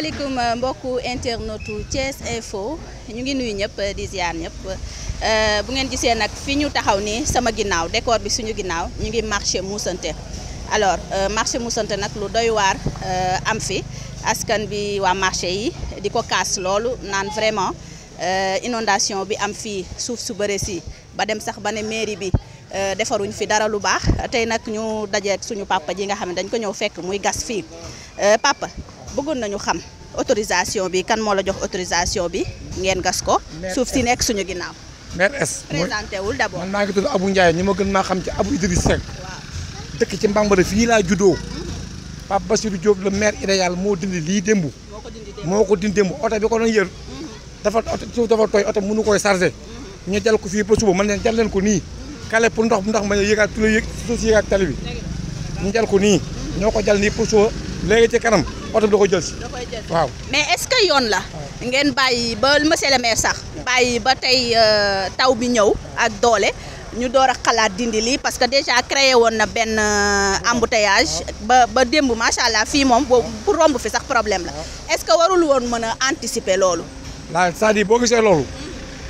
asalaamaaleykum euh, mbokku internetu Thiès Info ñu ngi nuyu ñëpp di ziar ñëpp euh, bu ngeen gisee nag fi ñu taxaw nii sama ginnaaw décor bi suñu ginnaaw ñu ngi marché Moussante alors euh, marché Moussante nag lu doy waar am fi askan bi waa marché yi di ko kaas loolu naan vraiment inondation bi am fii suuf su bëre si ba dem sax ba ne mairie bi defaruñ fi dara lu baax tey nag ñu dajeek suñu papa ji nga xam ne dañ ko ñëw fekk muy gas fii papa bëggoon nañu xam autorisation bi kan moo la jox autorisation bi ngeen gas ko. suuf si nekk suñu ginnaaw. maire S présenté wul d' abord man maa ngi tudd Abou Ndiaye ñu ma gën maa xam ci Abou Idriss Seck. dëkk ci Mbambara fii laa juddoo. Pape Bassirou Diop le maire idéal moo dindi lii démb. moo ko dindi démb oto bi ko doon yër. Mm-hmm. dafa oto suuf dafa tooy oto mënu koy chargé. Mm-hmm. ñu jal ko fii ba suba man leen jal leen ko nii. Mm-hmm. kale pour ndox ndox ma yëgaat tu la yëg suuf si yëgaat tali bi. ñu jal ko nii. ñoo ko jal nii pour suba kanam. oto bi da koy jël si. da waaw. mais est-ce que yoon la. ngeen bàyyi ba monsieur le maire sax. bàyyi ba tey euh, taw bi ñëw ak doole. ñu door a xalaat dindi lii parce que déjà créé woon na benn euh, embouteillage ba ba démb macha allah fii moom bu romb fi sax problème la est-ce que warul woon mën a anticiper loolu. waaw cest à boo gisee loolu.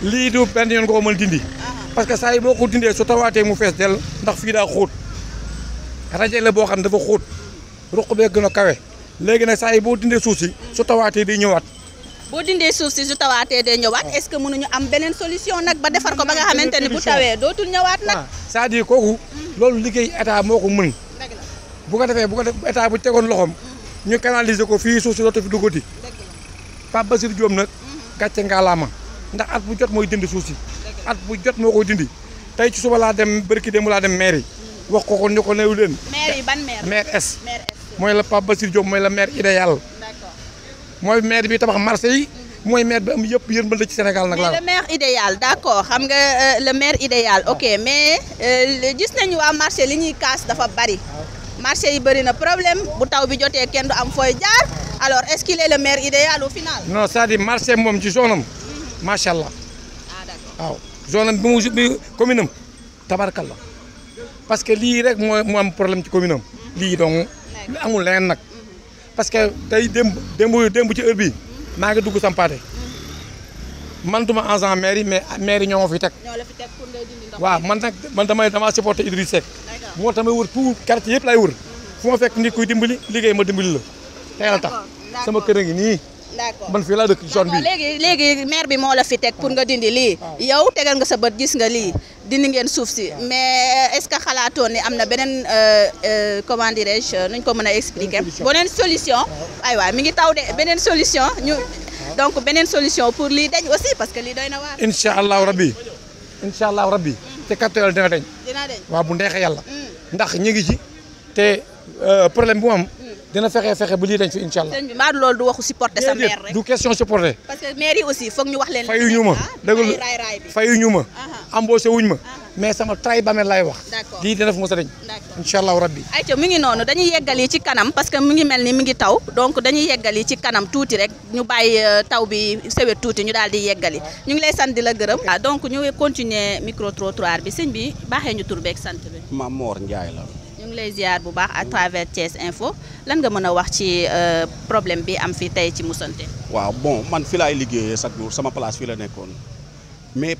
lii du benn yoon ko mën dindi. Ah. parce que saa yi boo ko dindee su tawaatee mu fees del ndax fii daa xóot rajo la boo xam dafa xuut ruq bee gën léegi nag saa yi boo dindee suuf si su tawaatee di ñëwaat. boo dindee suuf si su tawaatee day ñëwaat oh. est-ce que mënuñu am beneen solution nag ba defar ko ba nga xamante ne bu tawee dootul ñëwaat nag. Ah, cest à kooku loolu liggéey état moo ko mën. bu ko defee bu ko def état bu tegoon loxoom ñu canaliser ko fii suuf si dootu fi duggati. Pape Basir Diop nag mm-hmm. gàcce ngaalaama ndax at bu jot mooy dindi suuf si. at bu jot moo koy dindi tey ci suba laa dem bërki démb laa dem mairie mm-hmm. wax ko ko ñu ko néew leen. mooy la Pape Basir Diop mooy la maire idéal mooy maire bi tabax marché yi mooy maire bi am yëpp yërmande ci Sénégal nag la. mais le maire idéal d' accord xam nga euh, le maire idéal ok ah. mais euh, gis nañu waa marché li ñuy kaas dafa bari marché yi bëri na problème bu taw bi jotee kenn du am fooy jaar alors est ce le maire idéal au final. non c' est à moom ci zone am mhm. macha allah ah, waaw zone am bi mu bi commune am tabarkalla parce que lii rek moo am problème ci commune lu amul leneen nag parce que tey démb démb démb ci heure bi maa ngi dugg sampaate man duma agent maire yi mais maire yi ñoo ma fi teg waaw man nag man damay damaa supporté Idriss Seck moo tamay wër tout quartier yëpp laay wër fu ma fekk nit kuy dimbali liggéey ma dimbali la tey la sama kër a ngi nii d'accord man fii laa dëkk zone bi léegi léegi maire bi moo la fi teg pour nga dindi lii yow tegal nga sa bët gis nga lii dindi ngeen suuf si mais est-ce que xalaatoon ni am na beneen euh, euh, comment dirais-je euh, nuñ ko mën a expliquer beneen solution ay waay mi ngi taw de beneen solution ñu donc beneen solution pour lii dañ aussi parce que lii doy na waar incha allahu rabbi incha allahu rabbi mm. te kattan yàlla dina deñ waaw bu neexee yàlla mm. ndax ñu ngi ci te problème bu mu am mm. dina fexe fexe bu lii dañ fi incha allah. sëñ bi maa loolu du waxu supporter sa maire du question supporter. parce que maire aussi foog ñu wax leen. fayu ñu embauché wuñ ma mais sama tray bamel lay wax lii dina def mosa dañ incha allahu rabbi ayca mi ngi noonu dañu yeggal yi ci kanam parce que mi ngi mel ni mi ngi taw donc dañuy yeggal yi ci kanam tuuti rek ñu bàyyi euh, taw bi sewet tuuti ñu daal di yeggali ñu ngi lay sant di la gërëm ah, donc ñu continuer micro bi sëñ bi baaxee ñu tur beeg sant bi Mame Mor Ndiaye la ñu ngi lay ziar bu baax à travers Thiès Info lan nga mën a wax ci euh, problème bi am fii tey ci Moussanté waaw bon man fi laay liggéeyee chaque sama place fii la nekkoon mais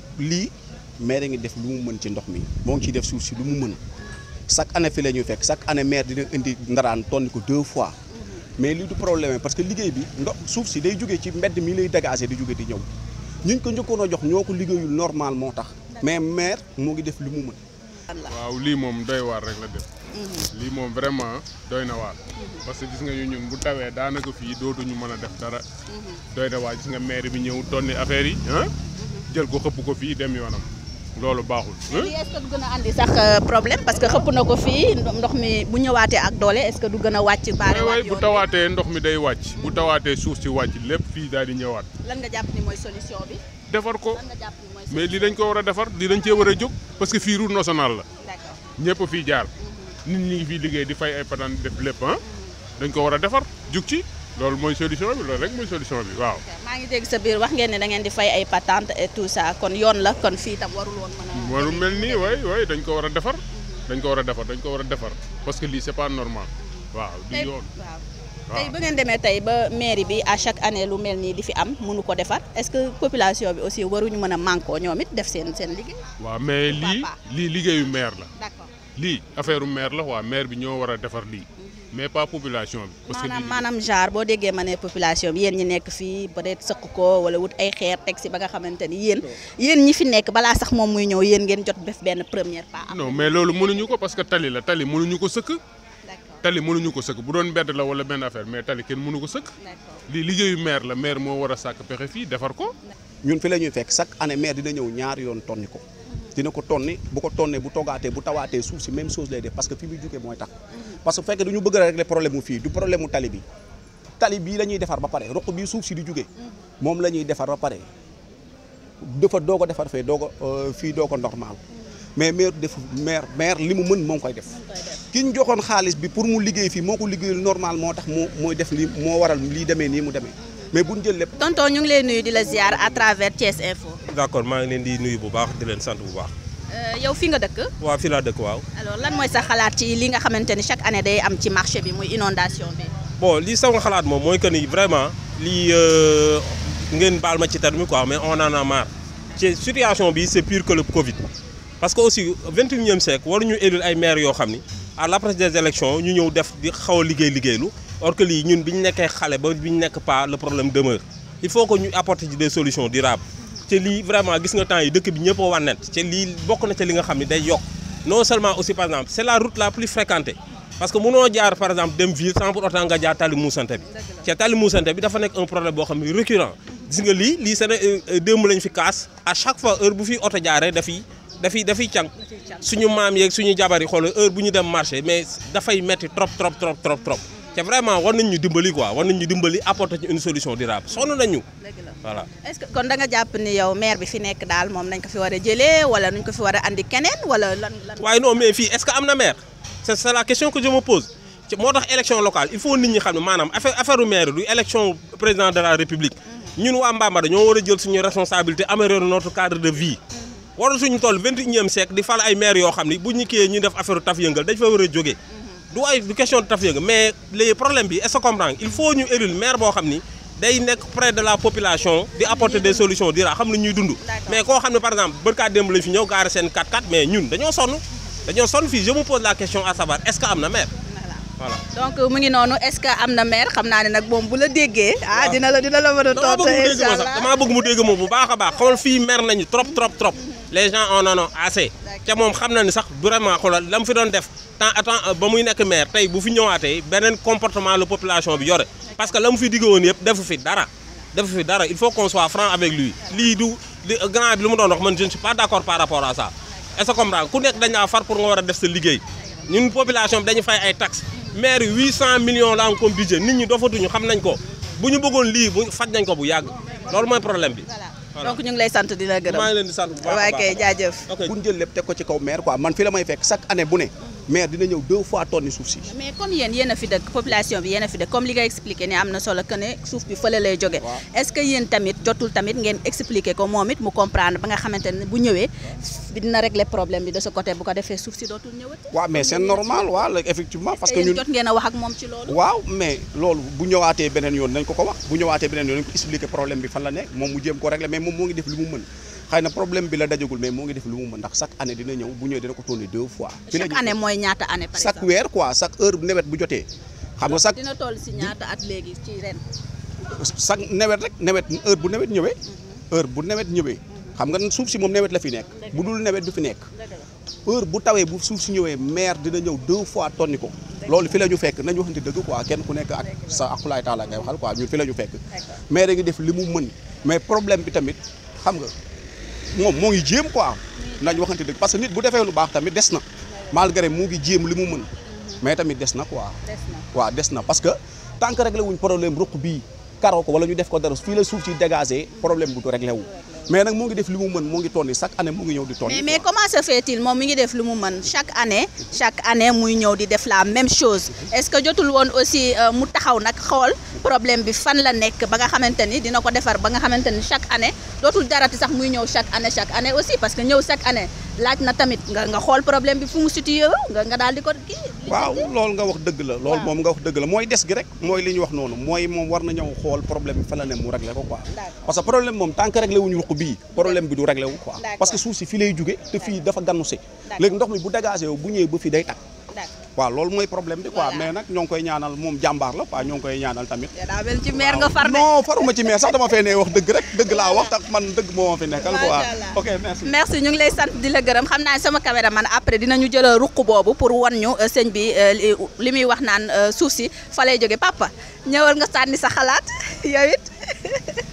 maire ngi def lu mu mën ci ndox mi moo ngi ciy def suuf si lu mu mën chaque année fi la ñuy fekk chaque année maire dina indi ndaraan tonni ko deux fois mais li du problème parce que liggéey bi ndox suuf si day jógee ci mbedd mi lay dégager di jóge di ñëw ñu ko njëkkoon a jox ñoo ko liggéeyul normal moo tax mais maire moo ngi def lu mu mën. waaw lii moom doy waar rek la def. lii moom vraiment doy na waar. parce que gis nga ñu ñun bu tawee daanaka fii dootuñu mën a def dara. doy na waar gis nga maire bi ñëw tonni affaire yi ah. jël ko xëpp ko fii dem yoonam. loolu baaxul. léegi sax euh, problème parce que xëpp na ko fii ndox mi bu ñëwaatee ak doole est-ce que du gën a wàcc. baare waay bu tawaatee ndox mi day wàcc. bu tawaatee suuf si wàcc lépp fii daal di ñëwaat. lan nga jàpp ni mooy solution bi. defar ko mais lii dañ ko war a defar lii dañ cee war a jóg parce que fii route nationale la. ñëpp fii jaar. Mhm. nit ñi ngi fii liggéey di fay ay patane def lépp ah. dañ ko war a defar jug ci. loolu mooy solution bi loolu rek mooy solution bi waaw. maa ngi dégg sa biir wax ngeen ne da ngeen di fay ay patente et tout ça kon yoon la kon fii tam warul woon mën a. warul mel nii waay waay dañ ko war defar. dañ ko war a defar dañ ko war a defar parce que lii c'est pas normal. waaw du yoon waaw. tey ngeen demee tey ba mairie bi à chaque année lu mel nii di fi am mënu ko defar est-ce que population bi aussi waruñu mën a mànkoo ñoom it def seen seen liggéey. waaw mais lii lii liggéeyu maire la. d'accord lii affaire maire la waa maire bi ñoo war a defar lii. mais pas population bi. parce que maanaam genre boo déggee ma ne population bi yéen ñi nekk fii peut-être ko wala wut ay xeer teg si ba nga xamante ni yéen. yéen ñi fi nekk balaa sax moom muy ñëw yéen ngeen jot def benn première pas. non mais loolu mënuñu ko parce que tali la tali mënuñu ko sëkk. tali mënuñu ko sëkk bu doon mbedd la wala benn affaire mais tali kenn mënu ko sëkk. li liggéeyu maire la maire moo war a sàkk pexe fii defar ko. ñun fi la ñuy fekk chaque année maire dina ñëw ñaar yoon tonni ko dina ko tonni bu ko tonnee bu toggaatee bu tawaatee suuf si même sos lay def parce que fi muy jugee mooy tax parce que fekk du ñu bëgg a régler problème mu fii du problème mu tali bi tali bii lañuy defar ba pare roq bii suuf si di jugee moom la ñuy defar ba pare dafa doo ko defar fee doo ko euh, fii doo ko normal mais maire def maire maire li mu mën moo koy def ki ñu joxoon xaalis bi pour mu liggéey fii moo ko liggéeyul normal moo tax moo mooy def li moo waral lii demee nii mu demee mais bu ñu jël lépp. tonton ñu ngi lay nuyu di la ziar à travers Thiès Info. d' accord maa ngi leen di nuyu bu baax di leen sant bu baax. Euh, yow fi nga dëkk. waaw fi laa dëkk waaw. lan mooy sa xalaat ci li nga xamante ni chaque année day am ci marché bi muy inondation bi. bon li sama xalaat moom mooy que ni vraiment lii euh, ngeen baal ma ci terme quoi mais on en a marre ci situation bi c' est pire que le Covid parce que aussi vingt et unième siècle waruñu élire ay maire yoo xam ni à l' approche des ñu ñëw def di xaw a liggéey liggéeylu. or que lii ñun bi ñu nekkee xale ba bi ñu nekk pas le problème demeure il faut que ñu apporter ci des solutions durables te lii vraiment gis nga temps yi dëkk bi ñëpp a wànnet te lii bokk na ci li nga xam ne day yokk non seulement aussi par exemple c' la route la plus fréquentée parce que mënoo jaar par exemple dem ville sans pour autant nga jaar tali muusante bi te tali muusante bi dafa nekk un problème boo xam ne gis nga lii lii seen euh, euh, démb fi kaas à chaque fois heure bu fi oto jaaree dafiy dafiy dafiy càng suñu maam yeeg suñu jabar yi xool heure bu ñu dem marché mais dafay metti trop trop trop trop te vraiment war nañ ñu dimbali quoi war nañ ñu dimbali apporter ci une solution durable sonn nañu. dëgg la kon da jàpp ni yow maire bi fi nekk daal moom nañ ko fi war a jëlee wala nuñ ko fi war a andi keneen wala waaye non mais fii est-ce que am na maire c'est c'est la question ñu je me xam ne maanaam affaire affaire maire du élection président de la république. Mhm. ñun waa Mbambara ñoo war a jël suñu responsabilité améliorer notre cadre de vie. Mhm. waratuñu toll vingt et unième siècle di fal ay maire yoo xam ni bu ñu kiiyee ñu def affaire taf yëngal dañ a jógee. Mhm. du ay du question de tafiyee mais les problèmes bi est-ce que comprendre il faut ñu élire maire boo xam ni day nekk près de la population di apporter des solutions dira xam lu ñuy dund mais koo xam ne par exemple bërkaat démb lañ fi ñëw gaare seen 4x4 mais ñun dañoo sonn dañoo sonn fii je me pose la question à savoir est que am na maire donc euh, mu ngi noonu est-ce que am na maire xam naa ne nag moom bu la déggee. ah dina la dina la mën a tontu bëgg mu dégg bu baax a baax xool fii maire nañu trop trop trop. les gens en ont assez moom xam na ni sax vraiment xoolal la mu fi doon def temps attend euh, ba muy nekk maire tey bu fi ñëwaatee beneen comportement la population bi yore parce que la mu fi woon yëpp defu fi dara defu fi dara il faut qu'on soit franc avec lui lii du grand bi lu mu doon wax man je ne suis pas d'accord par rapport à ça est-ce que ku nekk dañ laa far pour nga war a def sa liggéey ñun population bi dañu fay ay taxes maire 800 millions la am comme nit ñi dofatuñu xam nañ ko bu ñu bëggoon lii bu faj nañ ko bu yàgg loolu mooy problème bi donc ñu ngi lay sant di la gërëm. maa ngi leen di sant bu jël lépp teg ko ci kaw maire quoi man fi la may fekk chaque année bu ne. mais dina ñëw deux fois tonni suuf si. mais comme yéen yéen a fi dëkk population bi yéen a fi dëkk comme li nga expliqué ne am na solo que suuf bi fële lay jóge est ngeen expliqué ko moom it mu comprendre ba nga xamante ne bu ñëwee dina régler problème bi de ce côté bu ko defee suuf si dootul ñëwati. waaw mais c'est normal waaw effectivement. parce que ñun a wax ak moom ci loolu. bu ñëwaatee beneen yoon nañ ko ko wax bu ñëwaatee beneen yoon nañ ko expliqué problème bi fan la nekk moom mu jéem ko régler mais moom moo ngi def li mu mën xëy na problème bi la dajagul mais moo ngi def lu mu mën ndax chaque année dina ñëw bu ñëwee dina ko tourner deux fois. chaque année mooy ñaata année par exemple chaque weer quoi chaque heure bu nawet xam nga nawet rek nawet heure bu nawet ñëwee. Mhm. heure bu nawet ñëwee. xam nga suuf si moom nawet la fi nekk. bu dul nawet du fi nekk. heure bu tawee bu suuf si ñëwee maire dina ñëw deux fois tonni ko. loolu fi la ñu fekk nañu waxante dëgg quoi kenn ku nekk ak sa akulaay taala ngay waxal quoi ñun fi la ñu fekk. maire ngi def li mu mën mais problème bi tamit xam nga. moom moo ngi jéem quoi nañ waxante dëgg parce que nit bu defee lu baax tamit des na malgré mu ngi jéem li mu mën mhm. mais tamit des na quoi waaw des na parce que tant que réglé wuñ problème ruq bii karoo ko wala ñu def ko dara fii la suuf ci dégagé problème bu du réglé wu mais nag mu ngi def li mu mën mu ngi tonni chaque année mu ngi ñëw di tonni mais mais comment se fait-il moom mi ngi def li mu mën chaque année chaque année muy ñëw di def la même chose est-ce que jotul woon aussi euh, mu taxaw nag xool problème bi fan la nekk ba nga xamante ni dina ko defar ba nga xamante ni chaque année dootul jarati sax muy ñëw chaque année chaque année aussi parce que ñëw chaque année laaj na tamit nga xool problème bi fu mu situé waaw loolu nga wax dëgg la. loolu moom nga wax dëgg la mooy des gi rek. mooy li wax noonu mooy moom war na ñëw xool problème bi fa la ne mu réglé ko quoi. parce que problème moom tant que ruq bii problème bi du réglé wu quoi. parce que suuf si fi lay jóge te fii dafa gannu si. léegi ndox mi bu dégagé yow bu ñëwee ba fii day tàkk waaw loolu mooy problème bi quoi mais nag ñoo ngi koy ñaanal moom jàmbaar la quoi ñoo ngi koy ñaanal tamit non faruma ci maire sax dama fee ne wax dëgg rek dëgg laa wax tax man dëgg moo ma fi nekkal quoi ok merci ñu ngi lay sant di la gërëm xam naa sama man après dinañu jël euh, ruq boobu pour wan ñu euh, sëñ bi euh, li muy wax naan suuf si fa lay jóge papa ñëwal nga sànni sa xalaat yow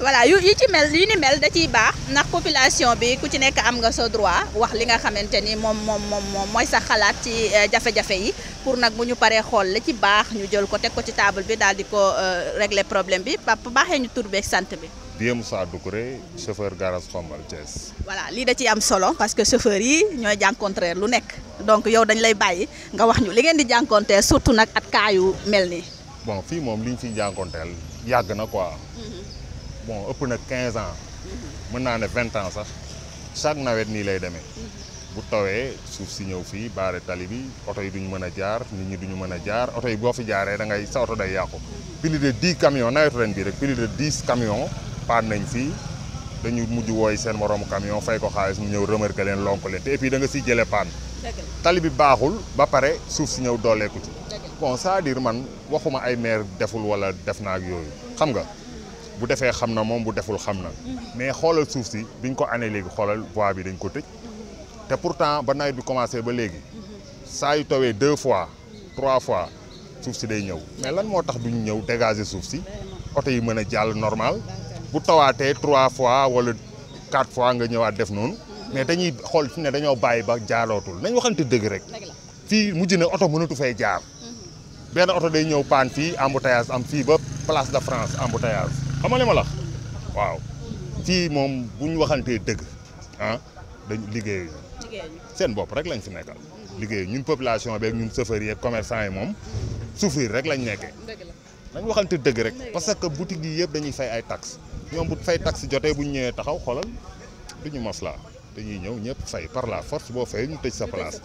voilà yu yi ci mel yi ni mel da ciy baax ndax population bi ku ci nekk am nga sa droit wax li nga xamante ni moom moom moom mooy sa xalaat ci euh, jafe-jafe yi pour nag bu ñu paree xool la ci baax ñu jël ko teg ko ci table bi daal di ko euh, régler problème bi pap baaxee ñu tur beeg sant bi. Vieux Moussa Doucouré chauffeur garage Xombal Thiès. voilà lii da ciy am solo parce que chauffeur yi ñooy jànkontreer lu nekk donc yow dañ lay bàyyi nga wax ñu li ngeen di jànkonteel surtout nag at kaayu mel nii. bon fii moom li ñu fiy jànkonteel yàgg na quoi. Mm-hmm. bon ëpp na 15 ans mën naa ne vingt ans sax chaque nawet nii lay demee bu tawee suuf si ñëw fii baare tali bi oto yi duñu mën a jaar nit ñi duñu mën a jaar oto yi boo fi jaaree da ngay sa oto day yàqu plus de 10 camions nawetu ren bii rek plus de 10 camions paan nañ fii dañu mujj wooy seen moroomu camion fay ko xaalis mu ñëw remarqué leen lonk leen te et puis da nga siy jëlee paan tali bi baaxul ba pare suuf si ñëw dooleeku ci bon cest à man waxuma ay maire deful wala def naak yooyu xam nga bu defee xam na moom bu deful xam na mhm. mais xoolal suuf si biñ ko année léegi xoolal voie bi dañ ko tëj te pourtant ba nawet bi commencé ba léegi mhm. saa yu tawee deux fois trois fois suuf si day ñëw mais lan moo tax duñ ñëw dégager suuf si oto yi mën a jàll normal bu tawaatee trois fois wala quatre fois nga ñëwaat def noonu mhm. mais dañuy xool ci ne dañoo bàyyi ba jaarootul nañ waxante dëgg rek fii mujj ne oto mënatu fay jaar benn oto day ñëw paan fii embouteillage am fii ba place de France embouteillage xam nga li ma la waaw fii moom bu ñu waxantee dëgg ah dañu liggéey seen bopp rek lañ fi nekkal liggéey ñun population beeg ñun chauffeurs yeeg commerçant yi moom souffrir rek lañu nekkee dañu waxante dëgg rek parce que boutique yi yëpp dañuy fay ay tax ñoom bu fay taxe jotee bu ñu ñëwee taxaw xoolal du ñu maslaa dañuy ñëw ñëpp fay par la force boo fay ñu tëj sa place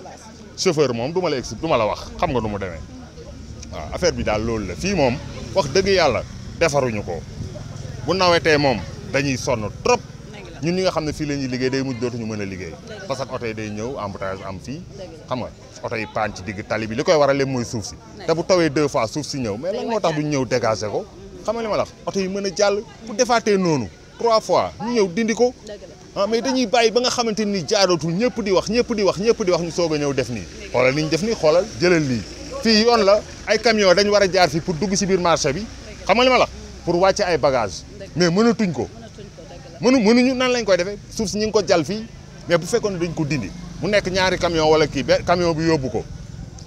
chauffeur moom du ma la expliqué du ma la wax xam nga nu mu demee waaw affaire bi daal loolu la fii moom wax dëgg yàlla defaruñu ko. bu nawetee moom dañuy sonn trop ñun ñi nga xam ne fii la ñuy liggéey day mujj dootuñu mën a liggéey parce que oto yi day ñëw embouteillage am fii xam nga oto yi digg tali bi li koy waral mooy suuf si te bu tawee deux fois suuf si ñëw mais lan moo tax duñ ñëw dégager ko xam ma la oto yi mën a jàll bu defaatee noonu trois fois ñu ñëw dindi ko ah mais dañuy bàyyi ba nga xamante ni jaarootul ñëpp di wax ñëpp di wax ñëpp di wax ñu soog a ñëw def nii xoolal ni ñu def nii xoolal jëlal lii fii yoon la ay camion dañu war a jaar fii pour dugg si biir marché bi xam nga li ma la pour wàcce ay bagage mais mënatuñ ko mënu mënuñu nan lañ koy defee suuf si ñu ngi ko jal fii mais bu fekkoon ne duñ ko dindi mu nekk ñaari camion wala kii be camion bu yóbbu ko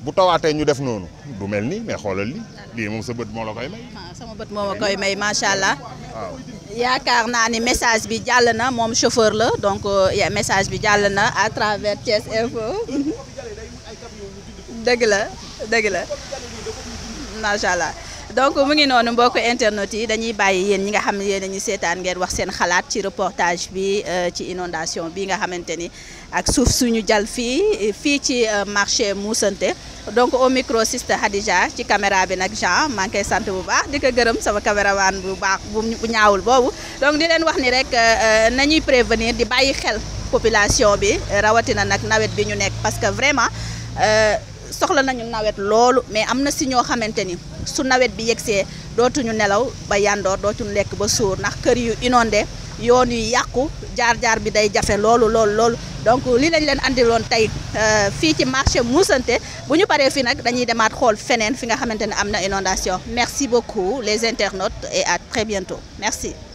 bu tawaatee ñu def noonu du mel nii mais xoolal li lii moom sa bët moo la koy may ah, sama bët moo ma may macha allah yaakaar naa ni message bi jàll na moom chauffeur la donc euh, message bi jàll na à travers Thiès dëgg la dëgg la macha allah donc mu ngi noonu mbokk internet yi dañuy bàyyi yéen ñi nga xam ne yéen ñu seetaan ngeen wax seen xalaat ci reportage bi euh, ci inondation bi nga xamante ni ak suuf suñu jal fii fii ci euh, marché Moussante donc au microsist siste ci caméra bi nag Jean maa ngi sant bu baax di ko gërëm sama caméraman bu baax bu ñaawul boobu donc di leen wax ni rek euh, nañuy prévenir di bàyyi xel population bi rawatina nag nawet bi ñu nekk parce que vraiment. soxla nañu nawet loolu mais am na si ñoo xamante ni su nawet bi yegsee dootuñu nelaw ba yandoor dootuñu lekk ba suur ndax kër yu inondé yoon yu yàqu jaar-jaar bi day jafe loolu loolu loolu donc li lañ leen andiloon tey euh, fii ci marché Moussante bu ñu paree fii nag dañuy demaat xool feneen fi nga xamante ni am na inondation merci beaucoup les internautes et at très bientôt merci